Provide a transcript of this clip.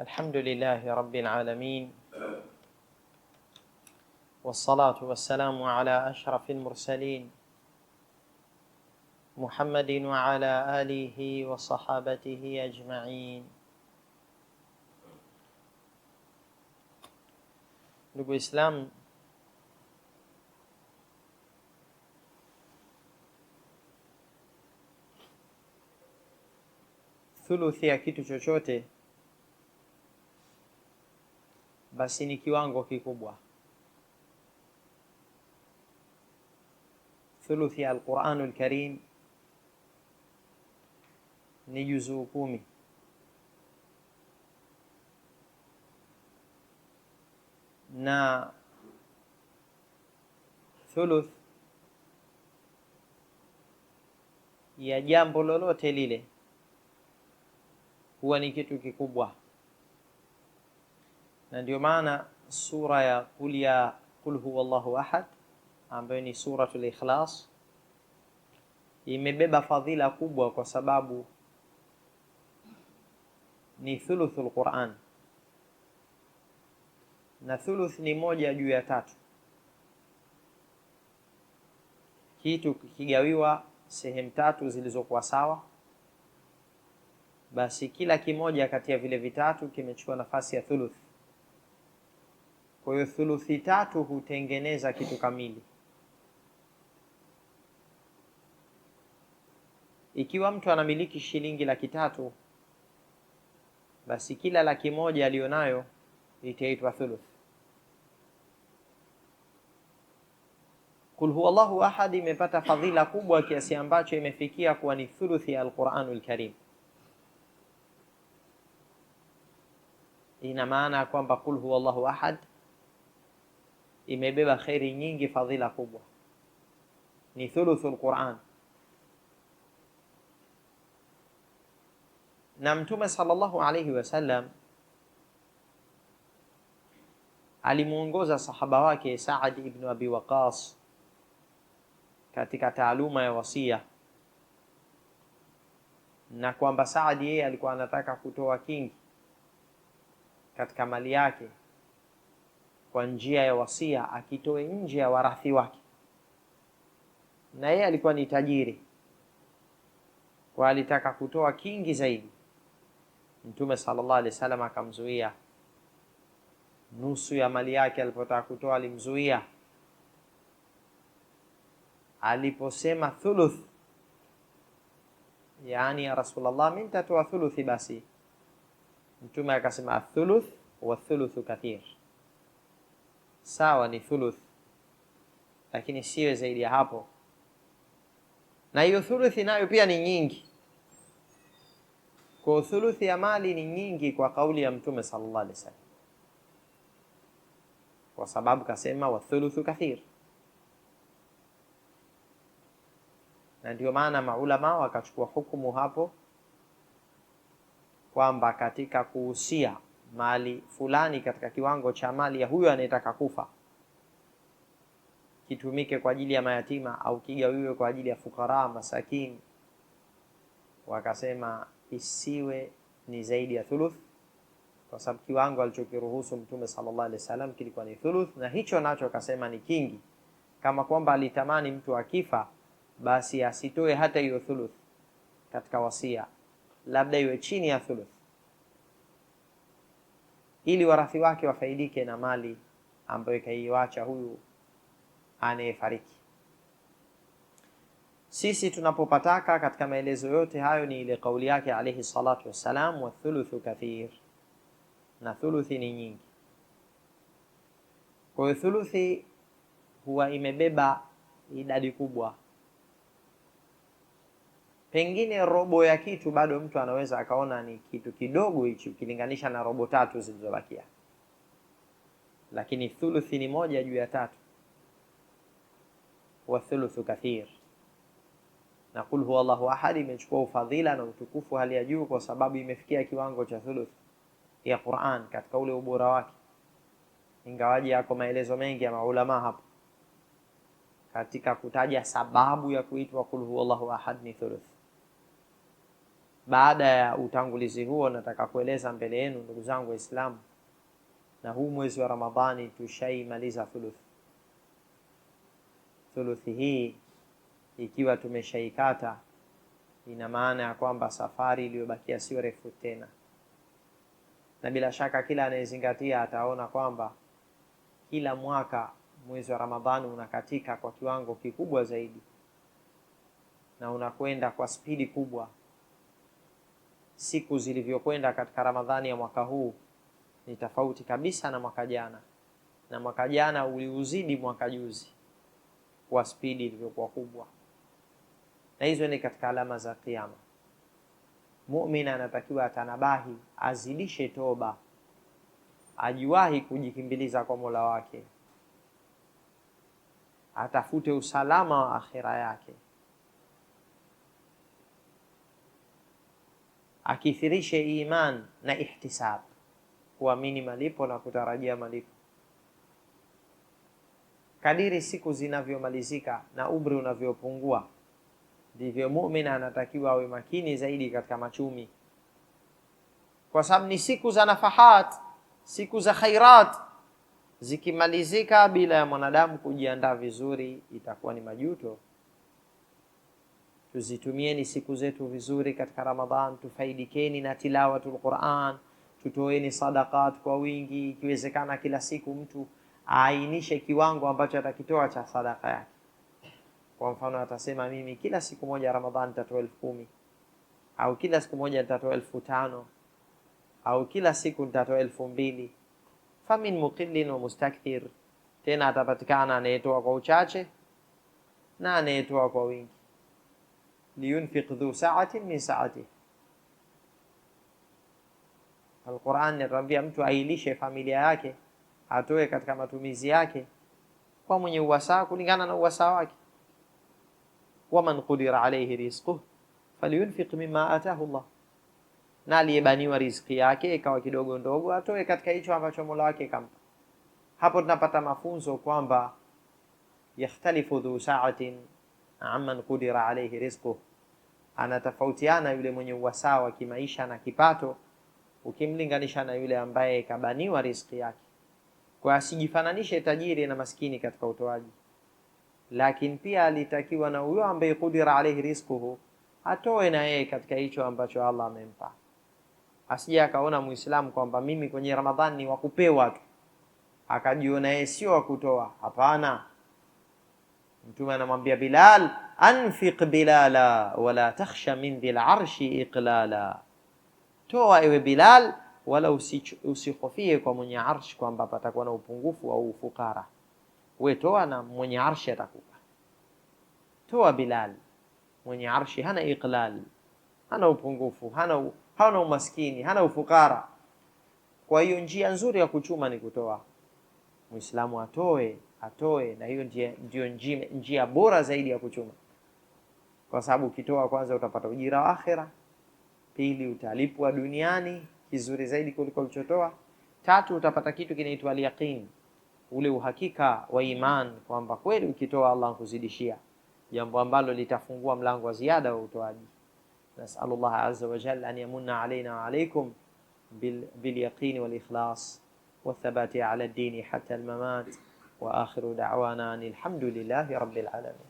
الحمد لله رب العالمين والصلاة والسلام على أشرف المرسلين محمد وعلى آله وصحابته أجمعين Ndugu إسلام ثلثي أكيد شوشوتي basi ni kiwango kikubwa. Thuluthi ya Alquranu Lkarim ni juzuu kumi. na thuluth ya jambo lolote lile huwa ni kitu kikubwa na ndio maana sura ya qul ya qul llahu ahad ambayo ni suratul Ikhlas imebeba fadhila kubwa, kwa sababu ni thuluthul Quran na thuluth ni moja juu ya tatu. Kitu kikigawiwa sehemu tatu zilizokuwa sawa, basi kila kimoja kati ya vile vitatu kimechukua nafasi ya thuluth. Kwa hiyo thuluthi tatu hutengeneza kitu kamili. Ikiwa mtu anamiliki shilingi laki tatu, basi kila laki moja aliyonayo itaitwa thuluth. Kul huwa Allahu ahad imepata fadhila kubwa kiasi ambacho imefikia kuwa ni thuluthi ya Alquranul Karim. Ina maana ya kwamba kul huwa Allahu ahad imebeba kheri nyingi, fadhila kubwa, ni thuluthu lquran Na Mtume sallallahu alayhi wasallam alimuongoza sahaba wake Saad ibn Abi Waqas katika taaluma ya wasia, na kwamba Saad yeye alikuwa anataka kutoa kingi katika mali yake kwa njia ya wasia akitoe nje ya warathi wake, na yeye alikuwa ni tajiri kwa alitaka kutoa kingi zaidi. Mtume sallallahu alaihi wasallam akamzuia nusu ya mali yake, alipotaka kutoa alimzuia. Aliposema thuluth, yaani ya Rasulullah, mimi nitatoa thuluthi, basi Mtume akasema athuluth wa thuluthu kathir sawa ni thuluth, lakini siwe zaidi ya hapo, na hiyo thuluthi nayo pia ni nyingi. Kwa thuluthi ya mali ni nyingi kwa kauli ya Mtume sallallahu alaihi wasallam, kwa sababu kasema wathuluthu kathir, na ndio maana maulama wakachukua hukumu hapo kwamba katika kuhusia mali fulani katika kiwango cha mali ya huyo anayetaka kufa kitumike kwa ajili ya mayatima au kigawiwe kwa ajili ya fukara masakini. Wakasema isiwe ni zaidi ya thuluth, kwa sababu kiwango alichokiruhusu Mtume sallallahu alaihi wasallam kilikuwa ni thuluth, na hicho nacho akasema ni kingi, kama kwamba alitamani mtu akifa basi asitoe hata hiyo thuluth katika wasia, labda iwe chini ya thuluth ili warathi wake wafaidike na mali ambayo kaiwacha huyu anayefariki. Sisi tunapopataka katika maelezo yote hayo ni ile kauli yake alayhi salatu wassalam, wa thuluthu kathir, na thuluthi ni nyingi. Kwa hiyo thuluthi huwa imebeba idadi kubwa pengine robo ya kitu bado mtu anaweza akaona ni kitu kidogo hichi ukilinganisha na robo tatu zilizobakia, lakini thuluthi ni moja juu ya tatu. Wa thuluthu kathir, na kul huwa Allahu ahad imechukua ufadhila na utukufu hali ya juu, kwa sababu imefikia kiwango cha thuluthi ya Qur'an katika ule ubora wake, ingawaje yako maelezo mengi ya maulama hapo katika kutaja sababu ya kuitwa kul huwa Allahu ahad ni thuluthi baada ya utangulizi huo, nataka kueleza mbele yenu ndugu zangu Waislamu, na huu mwezi wa Ramadhani tushaimaliza thuluthi thuluthi hii ikiwa tumeshaikata, ina maana ya kwamba safari iliyobakia sio refu tena, na bila shaka kila anayezingatia ataona kwamba kila mwaka mwezi wa Ramadhani unakatika kwa kiwango kikubwa zaidi na unakwenda kwa spidi kubwa siku zilivyokwenda katika Ramadhani ya mwaka huu ni tofauti kabisa na mwaka jana, na mwaka jana uliuzidi mwaka juzi kwa spidi ilivyokuwa kubwa, na hizo ni katika alama za Kiyama. Muumini anatakiwa atanabahi, azidishe toba, ajiwahi kujikimbiliza kwa Mola wake, atafute usalama wa akhira yake. akithirishe iman na ihtisab, kuamini malipo na kutarajia malipo. Kadiri siku zinavyomalizika na umri unavyopungua, ndivyo muumini anatakiwa awe makini zaidi katika machumi, kwa sababu ni siku za nafahat, siku za khairat. Zikimalizika bila ya mwanadamu kujiandaa vizuri, itakuwa ni majuto tuzitumieni siku zetu vizuri katika Ramadhan, tufaidikeni na tilawatul Quran, tutoeni sadakat kwa wingi. Ikiwezekana kila siku mtu aainishe kiwango ambacho atakitoa cha sadaka yake. Kwa mfano, atasema mimi kila siku moja ya Ramadhan nitatoa elfu kumi au kila siku moja nitatoa elfu tano au kila siku nitatoa elfu mbili famin muqillin wa mustakthir, tena atapatikana anayetoa kwa uchache na anayetoa kwa wingi liyunfiq dhu saatin min saatihi. al inatuambia mtu ailishe familia yake, atoe katika matumizi yake kwa mwenye uwasaa kulingana na uwasaa wake. Waman qudira alayhi rizquhu falyunfiq mimma atahu Allah, na aliyebaniwa riziki yake ikawa kidogo ndogo atoe katika hicho ambacho Mola wake kampa. Hapo tunapata mafunzo kwamba yakhtalifu dhu saatin amman qudira alayhi rizquhu anatofautiana yule mwenye uwasawa kimaisha na kipato ukimlinganisha na yule ambaye kabaniwa riziki yake. Kwa asijifananishe tajiri na maskini katika utoaji, lakini pia alitakiwa na huyo ambaye kudira alayhi rizquhu atoe na yeye katika hicho ambacho Allah amempa, asije akaona Muislamu kwamba mimi kwenye Ramadhani ni wakupewa tu, akajiona yeye sio wakutoa. Hapana, Mtume anamwambia Bilal, anfiq bilala wala takhsha min dhil arshi iqlala, toa ewe Bilal, wala usihofie kwa mwenye arshi kwamba patakuwa na upungufu au ufukara. We toa na mwenye arshi atakupa. Toa Bilal, mwenye arshi hana iqlal, hana upungufu, hana hana umaskini, hana ufukara. Kwa hiyo njia nzuri ya kuchuma ni kutoa Muislamu atoe atoe, na hiyo ndio njia, njia bora zaidi ya kuchuma, kwa sababu ukitoa kwanza utapata ujira wa akhera, pili utalipwa duniani kizuri zaidi kuliko ulichotoa, tatu utapata kitu kinaitwa alyaqin, ule uhakika wa iman kwamba kweli ukitoa Allah kuzidishia, jambo ambalo litafungua mlango wa ziada wa utoaji. Nasalullah azza wa jalla an yamunna alaina wa alaikum bilyaqini wal ikhlas والثبات على الدين حتى الممات وآخر دعوانا أن الحمد لله رب العالمين